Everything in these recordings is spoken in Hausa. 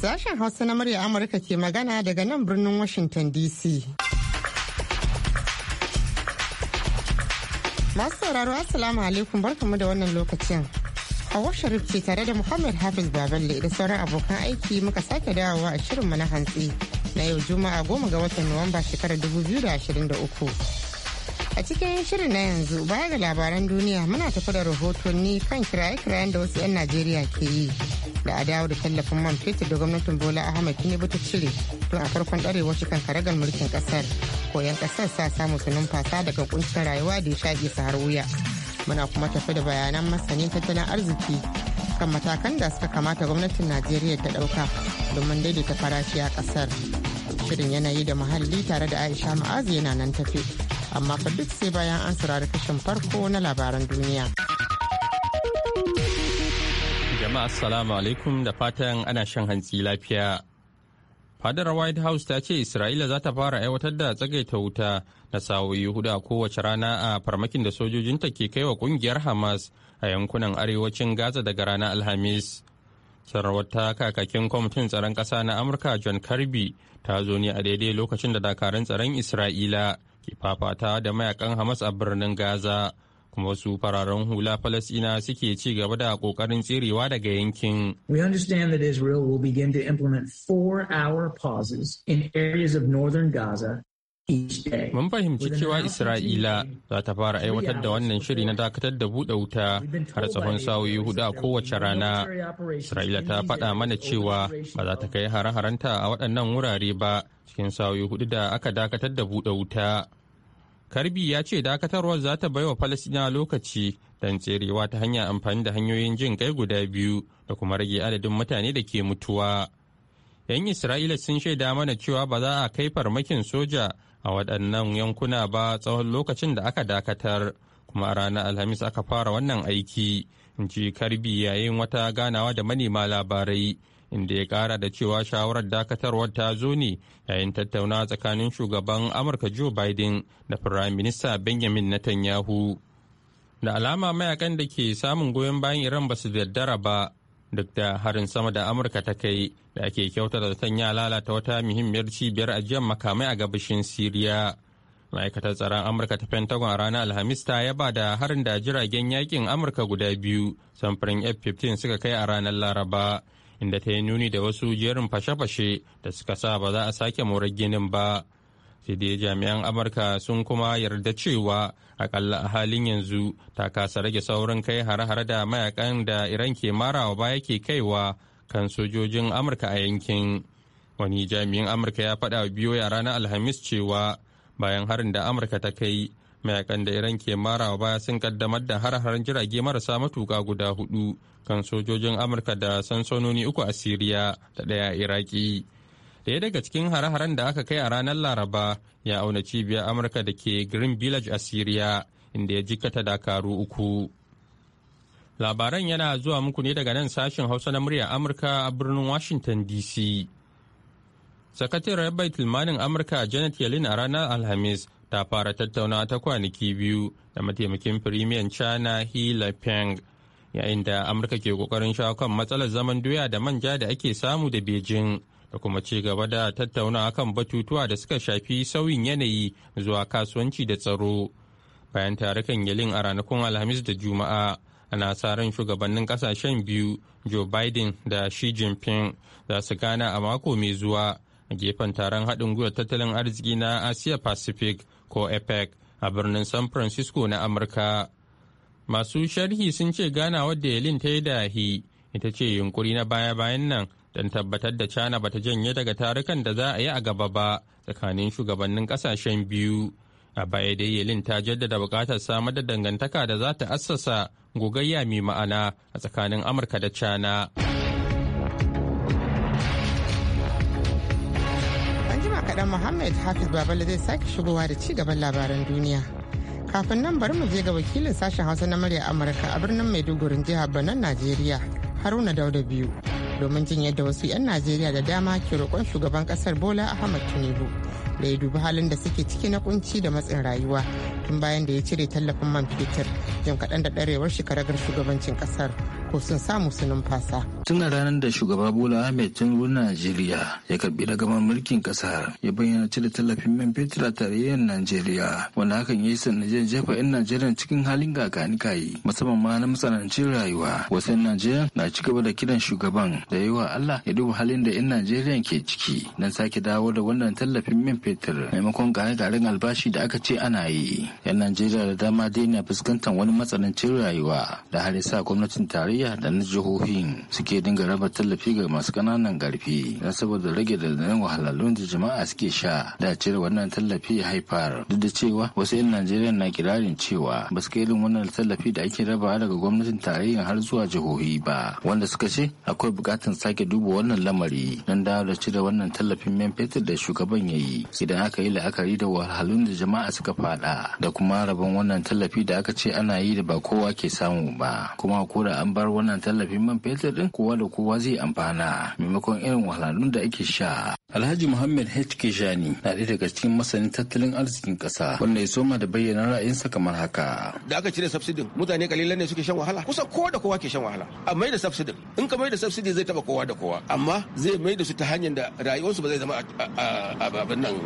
Sashen Hausa na murya Amurka ke magana daga nan birnin Washington DC. Masu sauraro Assalamu alaikum barkamu da wannan lokacin. Hawa Sharif ce tare da Muhammad Hafiz Baballe da sauran abokan aiki muka sake dawowa a shirinmu na hantsi na yau Juma'a goma ga watan Nuwamba shekarar 2023. A cikin shirin na yanzu baya ga labaran duniya muna tafi da rahotanni kan kiraye-kirayen da wasu 'yan Najeriya ke yi da a dawo da tallafin man fetur da gwamnatin Bola Ahmed Tinubu ta cire tun a farkon ɗarewa kan karagar mulkin ƙasar. Koyan ƙasar sa samu su numfasa daga kuncin rayuwa da ya shaƙe su har wuya. Muna kuma tafi da bayanan masanin tattalin arziki kan matakan da suka kamata gwamnatin Najeriya ta ɗauka domin daidaita farashi a ƙasar. Shirin yanayi da muhalli tare da Aisha Ma'azu yana nan tafi. amma fa duk sai bayan an saurari kashin farko na labaran duniya. Jama'a assalamu alaikum da fatan ana shan hantsi lafiya. Fadar White House ta ce Isra'ila za ta fara aiwatar da tsagaita wuta na sa'o'i hudu a kowace rana a farmakin da sojojinta ke kai wa kungiyar Hamas a yankunan arewacin Gaza daga ranar Alhamis. sarrawar ta kakakin kwamitin tsaron ƙasa na amurka john kirby ta zo ne a daidai lokacin da dakarun tsaron isra'ila ke fafata da mayakan Hamas a birnin Gaza, kuma wasu fararen hula Falasina suke ci gaba da ƙoƙarin tserewa daga yankin. We understand that Israel will begin to implement four-hour pauses in areas of northern Gaza Mun fahimci cewa Isra'ila za ta fara aiwatar da wannan shiri na dakatar da buɗe wuta har tsawon sa'o'i hudu a kowace rana. Isra'ila ta faɗa mana cewa ba za ta kai hare-harenta a waɗannan wurare ba cikin sa'o'i hudu da aka dakatar da buɗe wuta. Karbi ya ce dakatarwar za ta wa Falasina lokaci don tserewa ta hanyar amfani da hanyoyin jin kai guda biyu da kuma rage adadin mutane da ke mutuwa. 'Yan Isra'ila sun shaida mana cewa ba za a kai farmakin soja a waɗannan yankuna ba tsawon lokacin da aka dakatar kuma a ranar alhamis aka fara wannan aiki in ji karbi yayin wata ganawa da manema labarai inda ya kara da cewa shawarar dakatarwar ta zo ne yayin tattauna tsakanin shugaban amurka joe biden da firayim minista benjamin netanyahu da alama mayakan da ke samun goyon bayan iran ba su daddara ba duk da harin sama da amurka ta kai da ake kyautar da ya lalata wata muhimmiyar cibiyar ajiyar makamai a gabashin siriya ma'aikatar tsaron amurka ta pentagon a ranar alhamis ta yaba da harin da jiragen yakin amurka guda biyu samfurin f-15 suka kai a ranar laraba inda ta yi nuni da wasu jerin fashe-fashe da suka sa ba za a sake morar ginin ba sai dai jami'an amurka sun kuma yarda cewa akalla a halin yanzu ta kasa rage saurin kai hare-hare da mayakan da iran ke marawa baya ke kaiwa kan sojojin amurka a yankin wani jami'in amurka ya faɗa biyo yara na alhamis cewa bayan harin da amurka ta kai mayakan da iran ke marawa baya sun kaddamar da har-haren jirage marasa matuka guda hudu kan sojojin amurka da sansanoni uku a siriya da ɗaya iraki daya daga cikin hare-haren da aka kai a ranar laraba ya auna cibiyar amurka da ke green village a syria inda ya jikata dakaru uku labaran yana zuwa muku ne daga nan sashen hausa na murya amurka a birnin washington dc sakatare baitul tilmanin amurka janet yellen a ranar alhamis ta fara tattaunawa ta kwanaki biyu da mataimakin firimiyan china He peng yayin da amurka ke kokarin shawo kan matsalar zaman doya da manja da ake samu da beijing da kuma ci gaba da tattauna kan batutuwa da suka shafi sauyin yanayi zuwa kasuwanci da tsaro bayan tare tarukan yalin a ranakun alhamis da juma'a ana sa ran shugabannin kasashen biyu joe biden da shi jinping za su gana a mako mai zuwa a gefen taron haɗin gwiwar tattalin arziki na asia pacific ko epec a birnin san francisco na amurka masu sharhi sun ce gana wadda yalin ta yi dahi ita ce yunkuri na baya-bayan nan don tabbatar da china ta janye daga tarukan da za a yi a gaba ba tsakanin shugabannin kasashen biyu a baya dai yelin ta jaddada bukatar samar da dangantaka da za ta assasa gogayya mai ma'ana a tsakanin amurka da cana. an kaɗan muhammad hafiz babala zai sake shigowa da ci gaban labaran duniya kafin nan bari mu je ga wakilin sashen hausa na murya amurka a birnin maiduguri jihar banan najeriya haruna dauda biyu domin jin yadda wasu 'yan najeriya da dama ke roƙon shugaban ƙasar bola ahmad tinubu da ya dubi halin da suke ciki na kunci da matsin rayuwa tun bayan da ya cire tallafin man fetur jim kaɗan da ɗarewar ragar shugabancin ƙasar ko sun samu su numfasa. Tun ranar da shugaba Bola Ahmed Tinubu Najeriya ya karbi ragamar mulkin kasar ya bayyana cire tallafin man fetur a tarayyar Najeriya wanda hakan ya yi jan jefa 'yan Najeriya cikin halin gaganika yi musamman ma na matsanancin rayuwa. Wasu 'yan Najeriya na ci gaba da kiran shugaban da yi wa Allah ya duba halin da 'yan Najeriya ke ciki don sake dawo da wannan tallafin man fetur maimakon gare-garen albashi da aka ce ana yi. 'yan Najeriya da dama dai na fuskantar wani matsanancin rayuwa da har sa gwamnatin tarayya tarayya da na jihohin suke dinga raba tallafi ga masu kananan ƙarfi don saboda rage dandanan wahalhalun da jama'a suke sha da cire wannan tallafi ya haifar duk da cewa wasu 'yan Najeriya na kirarin cewa ba su kai irin wannan tallafi da ake rabawa daga gwamnatin tarayya har zuwa jihohi ba wanda suka ce akwai bukatar sake duba wannan lamari don dawo da cire wannan tallafin man fetur da shugaban ya yi idan aka yi la'akari da wahalhalun da jama'a suka fada da kuma rabon wannan tallafi da aka ce ana yi da ba kowa ke samu ba kuma ko da an bar wannan tallafin man fetur din kowa da kowa zai amfana maimakon irin wahalhalun da ake sha alhaji muhammad h kejani na ɗaya daga cikin masanin tattalin arzikin ƙasa wanda ya soma da bayyana ra'ayinsa kamar haka da aka cire subsidin mutane kalilan ne suke shan wahala kusa ko da kowa ke shan wahala a mai da subsidin in ka mai da subsidin zai taba kowa da kowa amma zai mai da su ta hanyar da rayuwarsu ba zai zama abin nan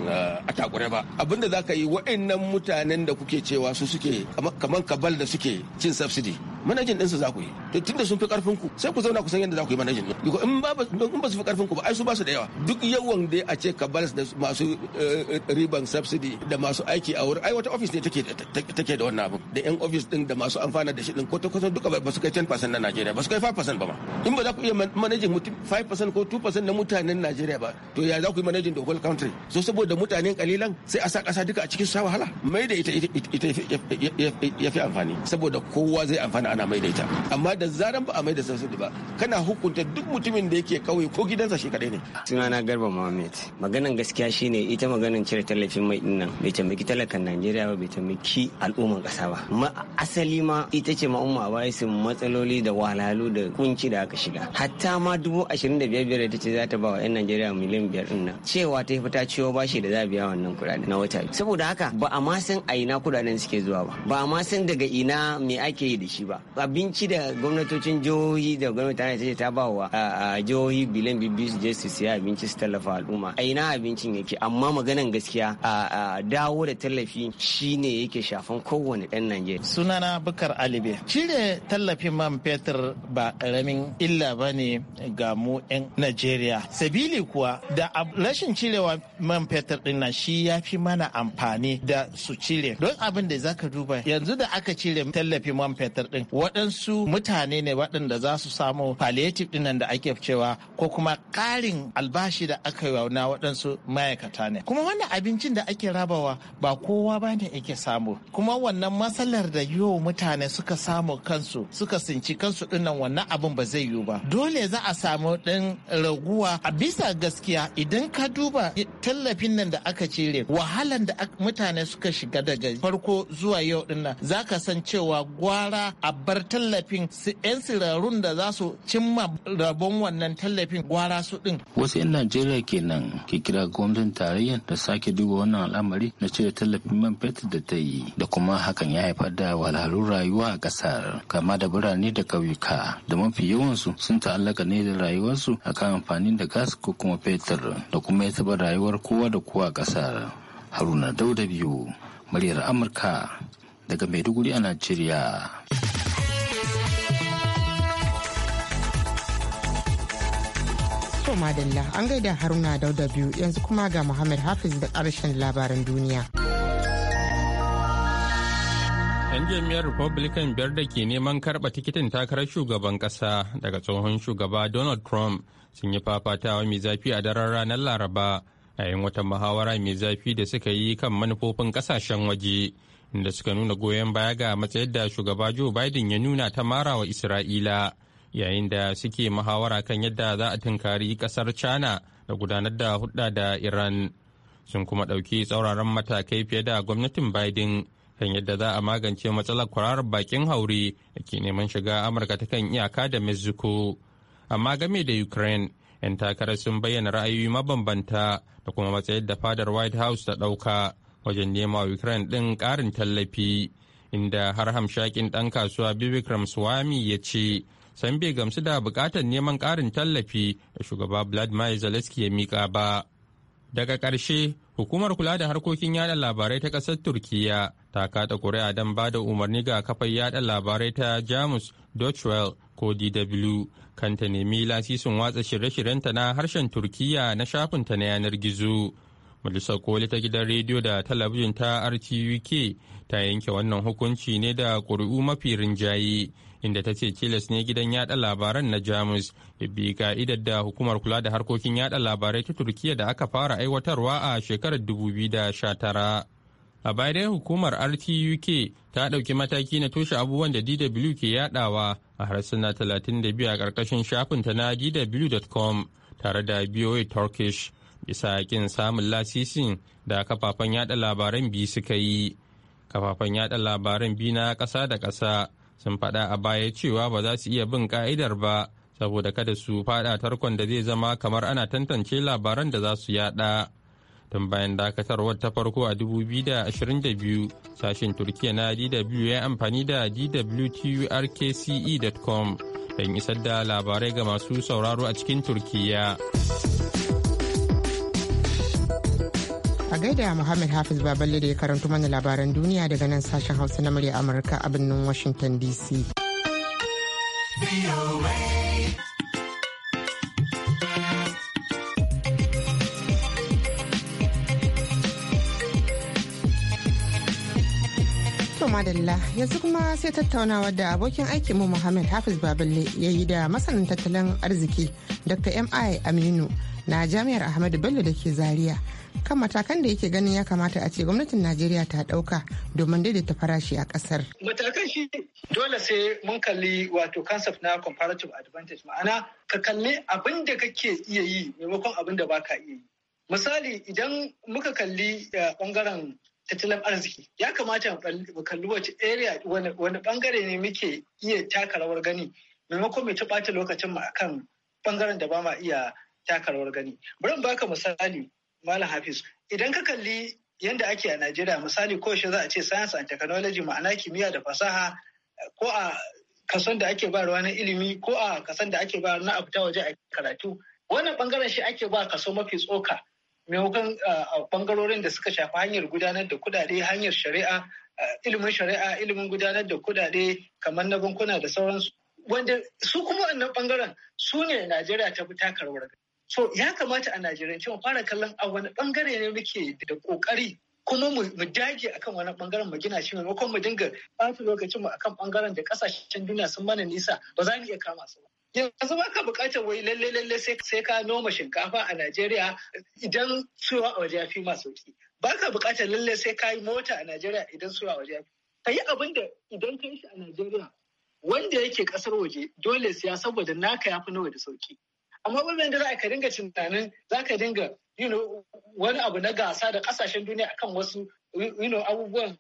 a takure ba abinda za ka yi wa'annan mutanen da kuke cewa su suke kamar kabal da suke cin subsidi manajin ɗinsu za ku yi to tunda sun fi ƙarfin ku sai ku zauna ku san yadda za ku yi manajin ɗin in ba in ba su fi ƙarfin ku ba ai su ba su da yawa duk yawan da a ce ka balas da masu riban subsidy da masu aiki a wurin ai wata ofis ne take take da wannan abin da yan ofis ɗin da masu amfana da shi ɗin ko ta kwata duka ba su kai 10% na Najeriya ba su kai 5% ba ma in ba za ku iya manajin mutum 5% ko 2% na mutanen Najeriya ba to ya za ku yi manajin da whole country so saboda mutanen kalilan sai a sa ƙasa duka a cikin sa wahala mai da ita ita ya fi amfani saboda kowa zai amfana ana mai da ita amma da zaran ba a mai da ba kana hukunta duk mutumin da yake kauye ko gidansa shi kadai ne sunana garba mohammed maganan gaskiya shine ita maganan cire tallafin mai dinnan bai tambaki talakan najeriya ba bai tambaki al'umman kasa ba ma asali ma ita ce umma ba su matsaloli da walalu da kunci da aka shiga hatta ma dubu ashirin da biyar biyar da ta ce za ta ba wa 'yan najeriya miliyan biyar dinnan cewa ta yi fita ciwo bashi da za a biya wannan kuɗaɗe na wata saboda haka ba a ma san a ina kuɗaɗen suke zuwa ba ba a ma san daga ina me ake yi da shi ba abinci da gwamnatocin jihohi da gwamnati ta ce ta ba wa jihohi bilen bibi su je su siya abinci su tallafa al'umma a ina abincin yake amma maganan gaskiya a dawo da tallafi shine yake shafan kowane ɗan Najeriya. Sunana Bukar Alibe. Cire tallafin man fetur ba karamin illa ba ne ga mu 'yan Najeriya. Sabili kuwa da rashin cirewa man fetur ɗin nan shi ya fi mana amfani da su cire. Don abin da zaka duba yanzu da aka cire tallafin man fetur ɗin waɗansu mutane ne waɗanda za su samu palliative ɗinnan da ake cewa ko kuma ƙarin albashi da aka yi na waɗansu ma'aikata ne kuma wannan abincin da ake rabawa ba kowa ba ne yake samu kuma wannan matsalar da yau mutane suka samu kansu suka sinci kansu ɗinnan wannan abin ba zai yiwu ba dole za a samu ɗin raguwa a bisa gaskiya idan ka duba tallafin nan da aka cire wahalan da mutane suka shiga daga farko zuwa yau dinnan za ka san cewa gwara a bar tallafin 'yan sirarun da za su cimma rabon wannan tallafin gwara su din. Wasu 'yan Najeriya kenan ke kira gwamnatin tarayyar da sake duba wannan al'amari na cire tallafin man fetur da ta yi da kuma hakan ya haifar da wahalhalun rayuwa a ƙasar kama da birane da ƙauyuka da mafi yawansu sun ta'allaka ne da rayuwarsu akan amfani da gas ko kuma fetur da kuma ya taɓa rayuwar kowa da kowa a ƙasar. Haruna Dauda biyu muryar Amurka daga Maiduguri a Najeriya. To madalla an gaida haruna dauda biyu yanzu kuma ga Muhammad Hafiz da karshen labaran duniya. 'yan jami'ar republican biyar da ke neman karɓa tikitin takarar shugaban kasa daga tsohon shugaba donald trump sun yi fafatawa mai zafi a daren ranar laraba yayin wata muhawara mai zafi da suka yi kan manufofin kasashen waje inda suka nuna goyon baya ga matsayar da shugaba joe biden ya nuna ta marawa isra'ila yayin da suke muhawara kan yadda za a tunkari kasar china da gudanar da hudda da iran sun kuma ɗauki tsauraran matakai fiye da gwamnatin biden kan yadda za a magance matsalar kwararar bakin hauri da ke neman shiga amurka ta kan iyaka da mexico amma game da ukraine 'yan takarar sun bayyana ra'ayoyi mabambanta da kuma matsayin da fadar white house ta ɗauka wajen nema ukraine ɗin ƙarin tallafi inda har hamshakin ɗan kasuwa bibikram swami ya ce san bai gamsu da bukatar neman ƙarin tallafi da shugaba vladimir zelensky ya mika ba daga ƙarshe hukumar kula da harkokin yada labarai ta ƙasar turkiya ta kada ƙuri'a don ba da umarni ga kafar yada labarai ta jamus dutchwell ko dw kan ta nemi lasisin watsa shirye-shiryenta na harshen turkiya na shafinta na yanar gizo majalisar koli ta gidan rediyo da talabijin ta rtuk ta yanke wannan hukunci ne da ƙuri'u mafi rinjaye inda ta ce tilas ne gidan yada labaran na jamus bi ka'idar da hukumar kula da harkokin yada labarai ta turkiya da aka fara aiwatarwa a shekarar 2019 a baya dai hukumar rtuk ta ɗauki mataki na toshe abubuwan da dw ke yadawa a harsuna 32 a ƙarƙashin shafinta na dw.com tare da boa turkish bisa yakin samun lasisin da kafafen yada labaran biyu suka yi kafafen yada labaran biyu na ƙasa da ƙasa sun faɗa a baya cewa ba za su iya bin ka'idar ba saboda kada su faɗa tarkon da zai zama kamar ana tantance labaran da za su yada. tun bayan dakatarwar ta farko a 2022 sashen turkiya na dw ya amfani da dwtrkce.com don isar da labarai ga masu sauraro a cikin turkiya. a gaida Muhammad Hafiz Baballe da ya karanto mana labaran duniya daga nan sashen Hausa na murya Amurka a birnin Washington DC. madalla yanzu kuma sai tattaunawa da abokin aikinmu Muhammad Hafiz Baballe ya yi da masanin tattalin arziki Dr. MI Aminu na Jami'ar Ahmadu Bello da ke Zaria kan matakan da yake ganin ya kamata a ce gwamnatin najeriya ta dauka domin daidaita farashi a kasar matakan shi dole sai mun kalli wato concept na comparative advantage ma'ana ka kalli abin da kake iya yi maimakon abin da baka iya yi misali idan muka kalli bangaren eh, tattalin arziki ya kamata mu kalli wace area wani bangare ne muke iya taka rawar gani maimakon mai ta bata lokacin mu akan bangaren da ba ma iya taka rawar gani bari baka misali Malam Hafiz, idan ka kalli yadda ake a Najeriya misali ko za a ce science and technology ma'ana kimiyya da fasaha ko a kason da ake bayarwa na ilimi ko a kasan da ake ba na fita waje a karatu wannan bangaren shi ake ba kaso mafi tsoka maimakon bangarorin ah, da suka shafi hanyar gudanar da kudade hanyar shari'a ah, ilimin shari'a ilimin gudanar da kudade kamar na bankuna da sauransu wanda su kuma wannan bangaren su ne Najeriya ta fi takarwar So ya kamata a Najeriya mu fara kallon a wani bangare ne muke da kokari kuma mu dage akan wani bangaren mu gina shi maimakon mu dinga ɓata lokacin mu akan bangaren da kasashen duniya sun mana nisa ba za mu iya kama su ba. yanzu ba ka bukatar wai lalle lalle sai ka noma shinkafa a Najeriya idan suwa a waje ya masu sauki ba ka bukatar lalle sai ka yi mota a Najeriya idan suwa a waje ya ka yi abin da idan ka yi shi a Najeriya wanda yake kasar waje dole siya saboda naka ya fi nawa da sauki amma wannan da za ka dinga tunanin za ka dinga wani abu na gasa da kasashen duniya akan wasu abubuwan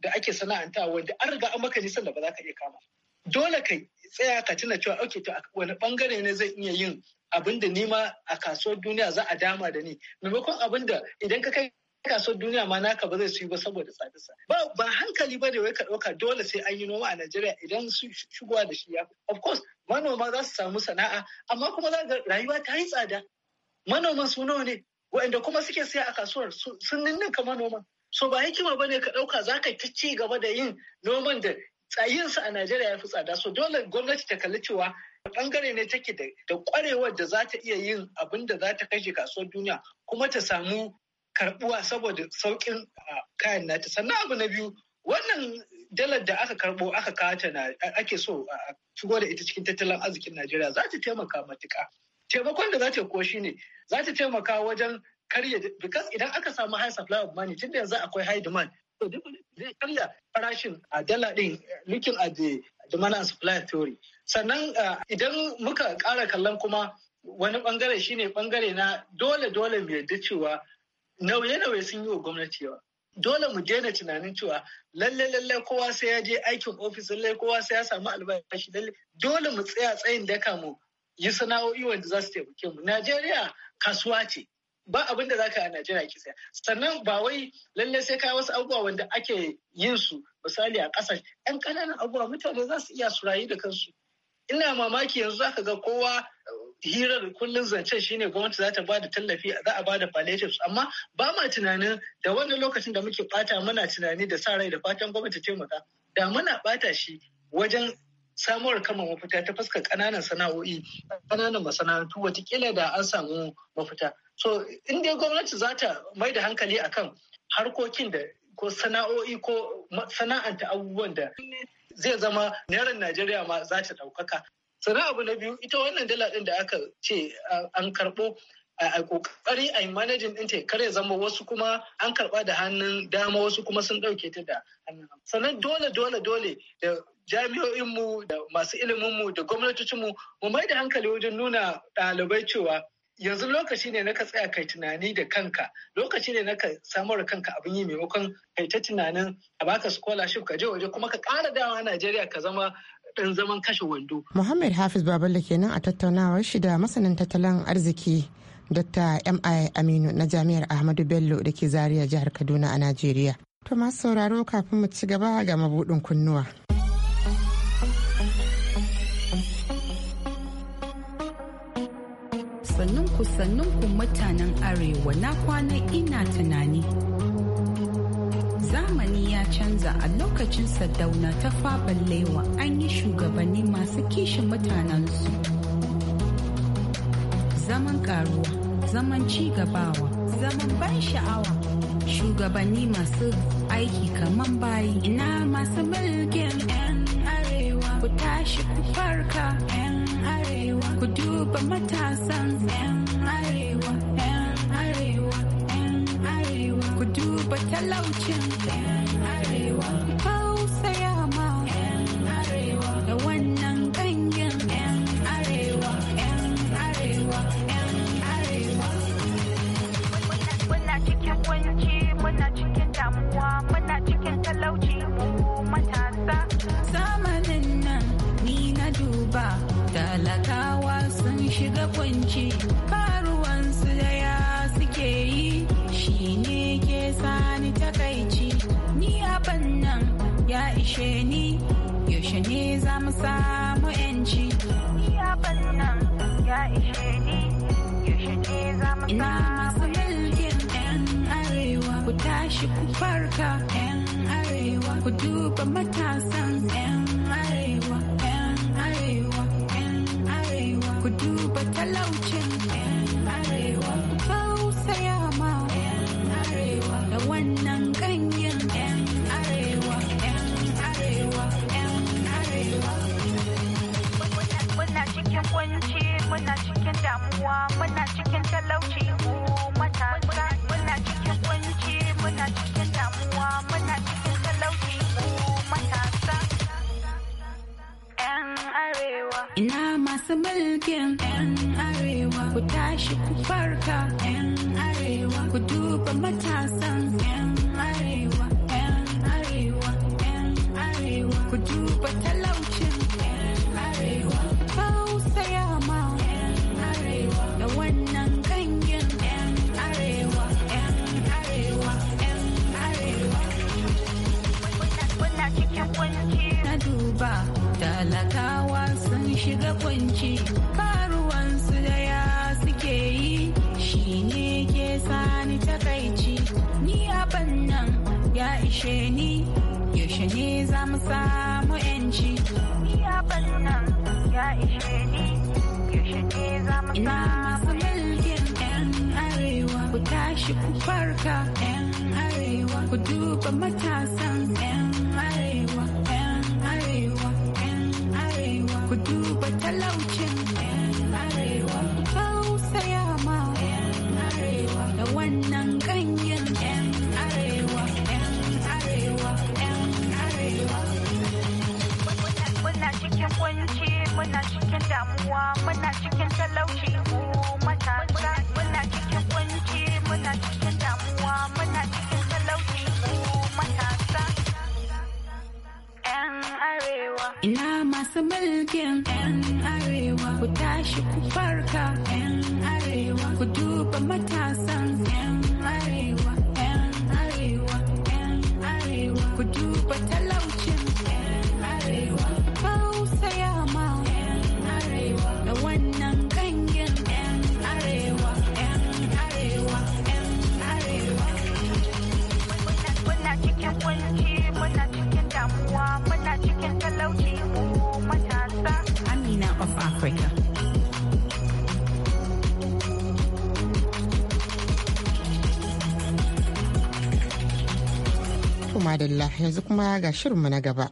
da ake sana'anta wanda an riga an maka nisan da ba za ka iya kama dole ka tsaya ka tuna cewa okay to wani bangare ne zai iya yin abin da nima a kasuwar duniya za a dama da ni maimakon abin da idan ka kai kasuwar duniya ma naka ba zai su yi ba saboda tsadarsa ba ba hankali ba ne wai ka dauka dole sai an yi noma a Najeriya idan su shigowa da shi ya of course manoma za su samu sana'a amma kuma za ga rayuwa ta yi tsada manoman su nawa ne waɗanda kuma suke siya a kasuwar sun ninninka manoma so ba hikima ba ne ka dauka za ka ta ci gaba da yin noman da tsayinsa a Najeriya ya fi tsada so dole gwamnati ta kalli cewa bangare ne take da kwarewar da za ta iya yin abin da za ta kashe kasuwar duniya kuma ta samu karbuwa saboda saukin kayan nata sannan abu na biyu wannan dalar da aka karbo aka kata na ake so a shigo da ita cikin tattalin arzikin najeriya za ta taimaka matuka taimakon da za ta ko shine za ta taimaka wajen karya because idan aka samu high supply of money tunda yanzu akwai high demand to zai karya farashin a dala din looking at the demand and supply theory sannan idan muka kara kallon kuma wani bangare shine bangare na dole dole mu yarda cewa nauye-nauye sun yi wa gwamnati yawa dole mu daina tunanin cewa lalle lalle kowa sai ya je aikin ofis lalle kowa sai ya samu albashi lalle dole mu tsaya tsayin daka mu yi sana'o'i wanda za su taimake mu Najeriya kasuwa ce ba abin da yi a Najeriya ki saya sannan ba wai lalle sai ka wasu abubuwa wanda ake yin su misali a ƙasashe 'yan ƙananan abubuwa mutane za su iya su rayu da kansu ina mamaki yanzu zaka ga kowa eh, hirar kullum zancen shine gwamnati za ta ba da tallafi za a ba da palliatives amma ba ma tunanin da wannan lokacin da muke bata muna tunani da sa rai da fatan gwamnati taimaka da muna bata shi wajen samuwar kama mafita ta fuskar kananan sana'o'i ƙananan masana'antu watakila da an samu mafita so in dai gwamnati za ta mai da hankali akan harkokin da ko sana'o'i ko sana'anta abubuwan da zai zama naira Najeriya ma za ta ɗaukaka. Sannan abu na biyu ita wannan dala ɗin da aka ce an karɓo a ƙoƙari a manajin ɗin ta kare zama wasu kuma an karɓa da hannun dama wasu kuma sun ɗauke ta da hannun sannan dole dole dole da jami'o'inmu da masu ilimin mu da gwamnatocinmu mu mai da hankali wajen nuna ɗalibai cewa yanzu lokaci ne naka tsaya kai tunani da kanka lokaci ne na ka da kanka abin yi maimakon kai ta tunanin a baka scholarship ka je waje kuma ka kara dawa Najeriya ka zama ɗan zaman kashe wando. Muhammad Hafiz Baballe kenan a tattaunawar shi da masanin tattalin arziki Dr. M.I. Aminu na Jami'ar Ahmadu Bello da ke Zaria jihar Kaduna a Najeriya. To masu sauraro kafin mu ci gaba ga mabuɗin kunnuwa. ku mutanen arewa na kwana ina tunani zamani ya canza a lokacin sadauna ta laiwa an yi shugabanni masu kishin mutanensu zaman karuwa zaman cigabawa zaman ban sha'awa shugabanni masu aiki kamar bayi ina masu mulkin 'yan arewa ku tashi ku farka 'yan duba matasan 'yan arewa 'yan arewa 'yan arewa ku duba talaucin 'yan arewa yaushe ni yaushe ne za mu samu yanci ya nan ya ishe ni yaushe ne za mu ina masu mulkin yan arewa ku tashi ku farka yan arewa ku duba matasan yan masu mulkin 'yan arewa ku tashi ku farka 'yan arewa ku duba matasan 'yan arewa 'yan arewa 'yan arewa ku duba talaucin 'yan arewa tausaya ma 'yan arewa da wannan ganyen 'yan arewa 'yan arewa 'yan arewa kuna cikin kunci na duba talaka shiga kunci karuwansu da ya suke yi shi ne ke sani takaici ni abin nan ya ishe ni yaushe ne za mu samu yanci ni abin nan ya ishe ni yaushe ne za mu samu mulkin yan arewa ku tashi ku farka yan arewa ku duba matasan yan duba talaucin yan arewa tausaya ma da wannan ganyen arewa arewa arewa muna cikin kunci muna cikin damuwa muna masu mulkin 'yan arewa ku tashi ku farka 'yan arewa ku duba matasan 'yan arewa 'yan arewa 'yan arewa ku duba talaka madalla yanzu kuma ga shirinmu na gaba.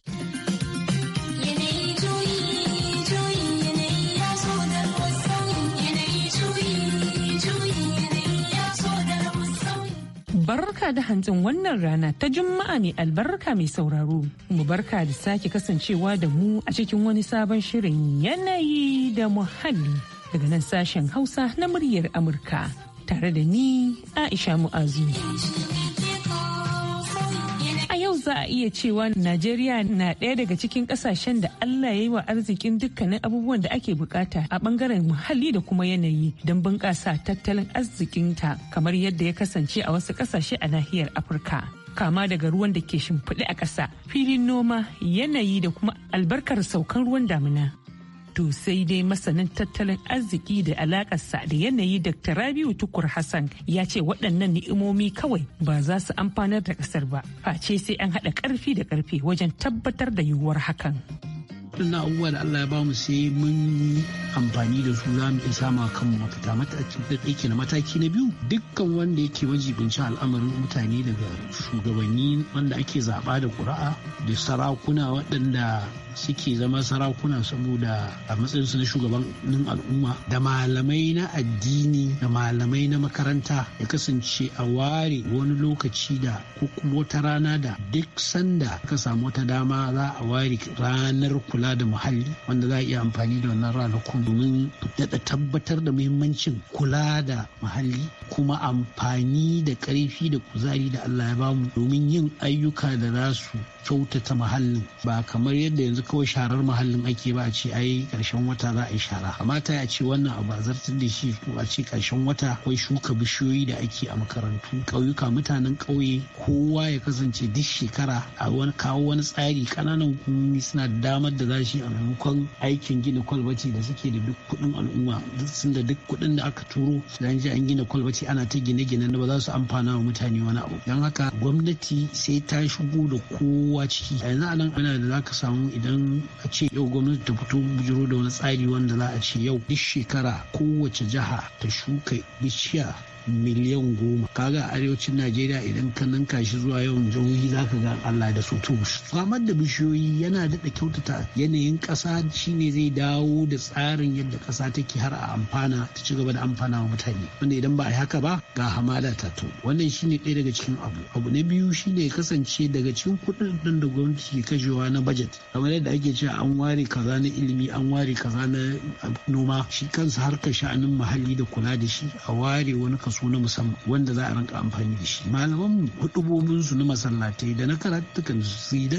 Barka da hantsin wannan rana ta Juma'a mai albarka mai sauraro. Mu barka da sake kasancewa da mu a cikin wani sabon shirin yanayi da muhalli daga nan sashen Hausa na muryar Amurka tare da ni Aisha Mu'azu. yau za a iya cewa Najeriya na ɗaya daga cikin ƙasashen da Allah ya yi wa arzikin dukkanin abubuwan da ake bukata a ɓangaren muhalli da kuma yanayi don bunƙasa tattalin arzikinta kamar yadda ya kasance a wasu ƙasashe a nahiyar Afirka. kama daga ruwan da ke shimfiɗe a ƙasa filin noma yanayi da kuma albarkar saukan ruwan damina. To sai dai masanin tattalin arziki da alakarsa da yanayi Dr. Rabiu Tukur Hassan ya ce waɗannan ni'imomi kawai ba za su amfanar da ƙasar ba. Face sai an haɗa ƙarfi da ƙarfi wajen tabbatar da yiwuwar hakan. waɗannan abubuwa da Allah ya ba mu sai mun yi amfani da su za mu iya sama kanmu mafita mataki na mataki na biyu dukkan wanda yake majibincin al'amarin mutane daga shugabanni wanda ake zaɓa da ƙuri'a da sarakuna waɗanda suke zama sarakuna saboda a matsayin su na shugabannin al'umma da malamai na addini da malamai na makaranta ya kasance a ware wani lokaci da ko kuma wata rana da duk sanda ka samu wata dama za a ware ranar kula kula da muhalli wanda za a iya amfani da wannan ranakun domin daɗa tabbatar da muhimmancin kula da muhalli kuma amfani da ƙarfi da kuzari da Allah ya bamu domin yin ayyuka da za su kyautata muhallin ba kamar yadda yanzu kawai sharar muhallin ake ba a ce ai karshen wata za a yi shara amma ta ya ce wannan abu a zartar da shi ko a ce karshen wata akwai shuka bishiyoyi da ake a makarantu ƙauyuka mutanen ƙauye kowa ya kasance duk shekara a wani kawo wani tsari kananan hukumomi suna damar da farashi a maimakon aikin gina kwalbati da suke da duk kudin al'umma sun da duk kudin da aka turo an ji an gina kwalbati ana ta gine gine da ba za su amfana wa mutane wani abu don haka gwamnati sai ta shigo da kowa ciki a yanzu anan ana da ka samu idan a ce yau gwamnati ta fito bujiro da wani tsari wanda za a ce yau duk shekara kowace jiha ta shuka bishiya miliyan goma kaga arewacin najeriya idan ka nan kashi zuwa yawan jihohi zaka ga allah da su to samar da bishiyoyi yana daɗa kyautata yanayin ƙasa shine zai dawo da tsarin yadda ƙasa take har a amfana ta ci gaba da amfana wa mutane wanda idan ba a yi haka ba ga hamada ta to wannan shine ɗaya daga cikin abu abu na biyu shine kasance daga cikin kuɗin da gwamnati ke kashewa na bajet. kamar yadda ake cewa an ware kaza na ilimi an ware kaza na noma shi kansa harkar sha'anin muhalli da kula da shi a ware wani kaso su na musamman wanda za a rinka amfani da shi malaman hudubobin su na masallatai da na karatukan su da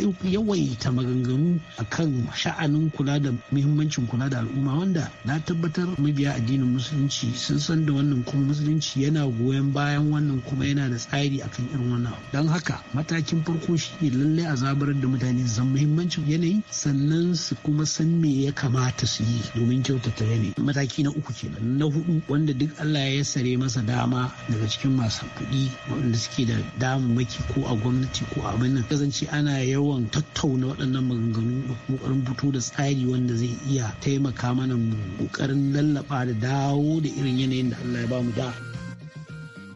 ta maganganu akan sha'anin kula da muhimmancin kula da al'umma wanda na tabbatar mabiya addinin musulunci sun san da wannan kuma musulunci yana goyon bayan wannan kuma yana da tsari akan irin wannan don haka matakin farko shi lallai a zabarar da mutane zan muhimmancin yanayi sannan su kuma san me ya kamata su yi domin kyautata yanayi mataki na uku kenan na hudu wanda duk Allah ya sare masa da dama daga cikin masu kuɗi waɗanda suke da damammaki ko a gwamnati ko a abin nan kasance ana yawan tattauna waɗannan maganganu da kokarin fito da tsari wanda zai iya taimaka mana mu kokarin lallaba da dawo da irin yanayin da Allah ya mu da.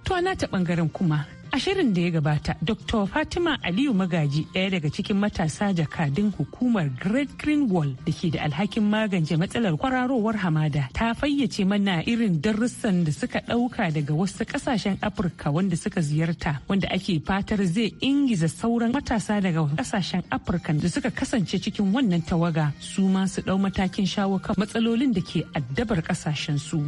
To na ta ɓangaren kuma A shirin da ya gabata, Dr. Fatima Aliyu Magaji ɗaya daga cikin matasa jakadin hukumar Great Green Wall da ke da alhakin magance matsalar kwararowar hamada ta fayyace mana irin darussan da suka ɗauka daga wasu ƙasashen Afirka wanda suka ziyarta wanda ake fatar zai ingiza sauran matasa daga ƙasashen Afirka da suka kasance cikin wannan tawaga su ma su ɗau matakin shawo kan matsalolin da ke addabar ƙasashen su.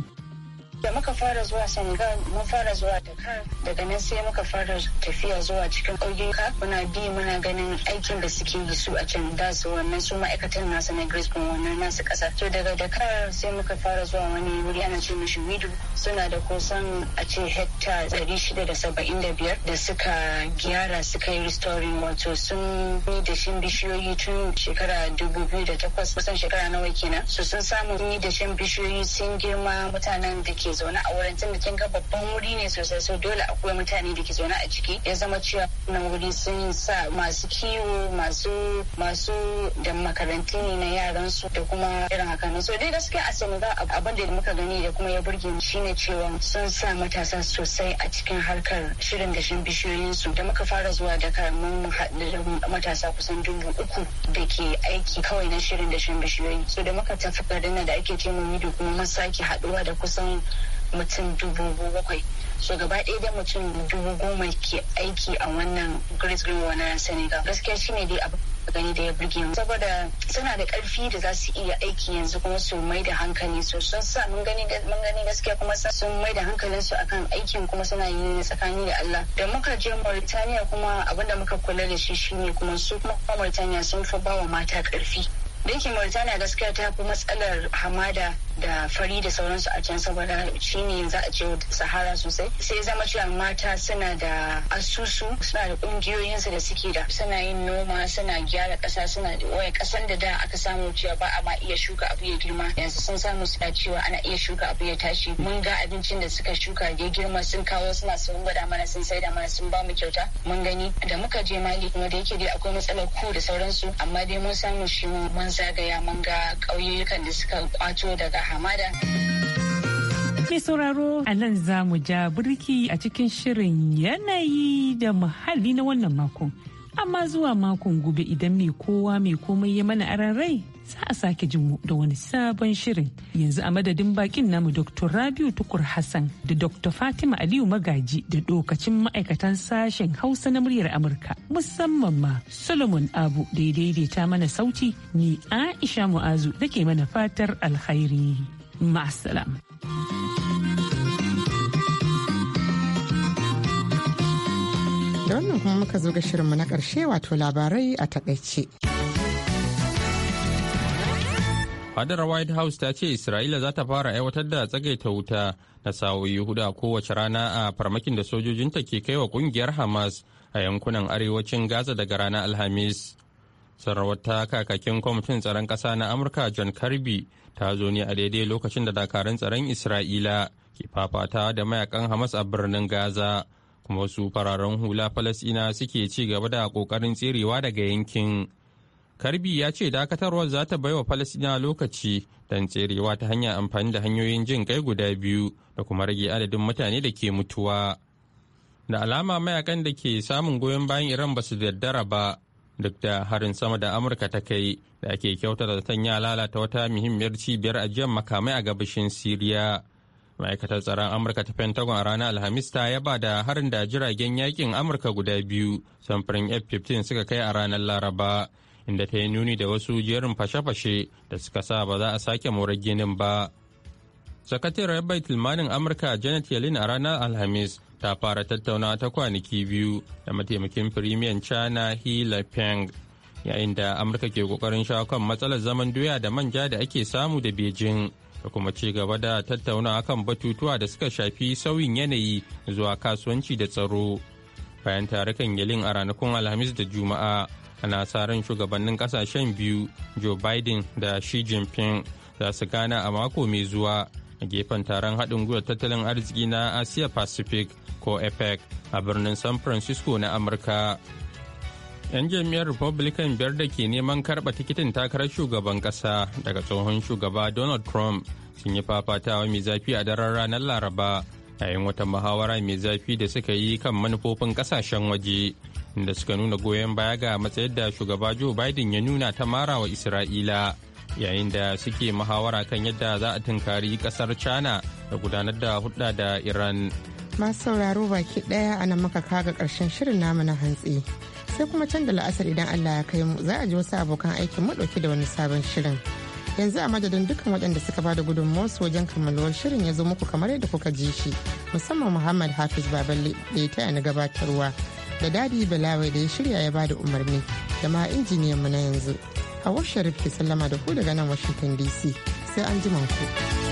da muka fara zuwa senegal mun fara zuwa dakar daga nan sai muka fara tafiya zuwa cikin ƙauyuka muna bi muna ganin aikin da suke yi su a can da su wannan su ma'aikatan nasu na kuma wannan nasu ƙasa to daga dakar sai muka fara zuwa wani wuri ana ce mishi widu suna da kusan a ce hekta ɗari shida da saba'in da biyar da suka gyara suka yi restoring wato sun yi da shin bishiyoyi tun shekara dubu biyu da takwas kusan shekara nawa kenan su sun samu yi da shin bishiyoyi sun girma mutanen da ke ke zaune a wurin tunda kin ga babban wuri ne sosai so dole akwai mutane da ke zaune a ciki ya zama cewa nauri wuri sun sa masu kiwo masu masu da makarantu ne na yaran su da kuma irin haka ne so dai gaskiya a Senegal abin da muka gani da kuma ya burge mu shine cewa sun sa matasa sosai a cikin harkar shirin gashin bishiyoyin su da muka fara zuwa da karamin matasa kusan dubu uku da ke aiki kawai na shirin gashin bishiyoyi so da muka tafi garin da ake ce mu da kuma mun sake haɗuwa da kusan mutum dubu bakwai so gaba ɗaya da mutum dubu goma ke aiki a wannan grace green na senegal gaskiya shine dai abu gani da ya burge mu saboda suna da karfi da za su iya aiki yanzu kuma su mai da hankali so sun sa mun gani gaskiya kuma sun mai da hankalin su akan aikin kuma suna yi ne tsakani da Allah da muka je Mauritania kuma abinda muka kula da shi shine kuma su kuma Mauritania sun fi ba wa mata karfi Dinkin mauritaniya gaskiya ta fi matsalar hamada da fari da sauransu a can saboda ne za a ce sahara sosai sai zama cewa mata suna da asusu suna da kungiyoyinsu da suke da suna yin noma suna gyara kasa suna da waya kasan da da aka samu cewa ba a ma iya shuka abu ya girma yanzu sun samu suna cewa ana iya shuka abu ya tashi mun ga abincin da suka shuka ya girma sun kawo suna sun gwada mana sun saida mana sun ba mu kyauta mun gani da muka je mali kuma da yake dai akwai matsalar ku da sauransu amma dai mun samu shi mun zagaya mun ga ƙauyukan da suka kwato daga hamada. Mai sauraro a nan za mu ja birki a cikin shirin yanayi da muhalli na wannan makon. amma zuwa makon gobe idan mai kowa mai komai ya mana aran rai za a sake jin mu da wani sabon shirin yanzu a madadin bakin namu dr rabiu tukur hassan da dr fatima aliyu magaji da dokacin ma'aikatan sashen hausa na muryar amurka musamman ma solomon abu da ya daidaita mana sauti ni aisha mu'azu da ke mana fatar alkhairi ma'asalam. da wannan kuma muka zo ga shirinmu na ƙarshe wato labarai a takaice. fadar white house ta ce isra'ila za ta fara aiwatar da tsagaita wuta na sa'o'i hudu a kowace rana a farmakin da sojojinta ke kai wa kungiyar hamas a yankunan arewacin gaza daga ranar alhamis sarrawar kakakin kwamitin tsaron ƙasa na amurka john kirby ta zo ne a daidai lokacin da dakarun tsaron isra'ila ke fafata da mayakan hamas a birnin gaza kuma su fararen hula falasina suke ci gaba da kokarin tserewa daga yankin karbi ya ce dakatarwar za ta baiwa falasina lokaci don tserewa ta hanyar amfani da hanyoyin jin kai guda biyu da kuma rage adadin mutane da ke mutuwa da alama mayakan da ke samun goyon bayan iran ba su daddara ba duk da harin sama da amurka ta kai da ake kyauta da ya lalata wata muhimmiyar cibiyar ajiyar makamai a gabashin siriya ma'aikatar tsaron amurka ta pentagon a ranar alhamis ta yaba da harin da jiragen yakin amurka guda biyu samfurin f-15 suka kai a ranar laraba inda ta yi nuni da wasu jerin fashe-fashe da suka sa ba za a sake morar ginin ba sakatare bai tilmanin amurka janet yellen a ranar alhamis ta fara tattauna ta kwanaki biyu da mataimakin firimiyan china he peng yayin da amurka ke kokarin shawo kan matsalar zaman doya da manja da ake samu da beijing da kuma ci gaba da tattauna kan batutuwa da suka shafi sauyin yanayi zuwa kasuwanci da tsaro bayan tare tarukan yalin a ranakun alhamis da juma'a ana sa shugabannin kasashen biyu joe biden da shi jinping za su gana a mako mai zuwa a gefen taron haɗin gwiwar tattalin arziki na asia pacific ko epec a birnin san francisco na amurka 'Yan jam'iyyar Republican biyar da ke neman karba tikitin takarar shugaban kasa daga tsohon shugaba Donald Trump sun yi fafatawa mai zafi a daren ranar Laraba yayin wata muhawara mai zafi da suka yi kan manufofin kasashen waje inda suka nuna goyon baya ga matsayar da shugaba Joe Biden ya nuna ta marawa Isra'ila yayin da suke muhawara kan yadda za a tunkari kasar China da gudanar da hulɗa da Iran. Masu sauraro baki ɗaya a nan muka kaga ƙarshen shirin namu na hantsi. sai kuma can da la'asar idan Allah ya kai mu za a ji wasu abokan aikin mu dauke da wani sabon shirin. Yanzu a madadin dukkan waɗanda suka bada su wajen kammaluwar shirin ya zo muku kamar yadda kuka ji shi musamman Muhammad Hafiz Baballe da ya taya ni gabatarwa da Dadi Balawai da ya shirya ya bada umarni da ma injiniyan mu na yanzu. Hawar Sharif ke sallama da ku daga nan Washington DC sai an ji ku.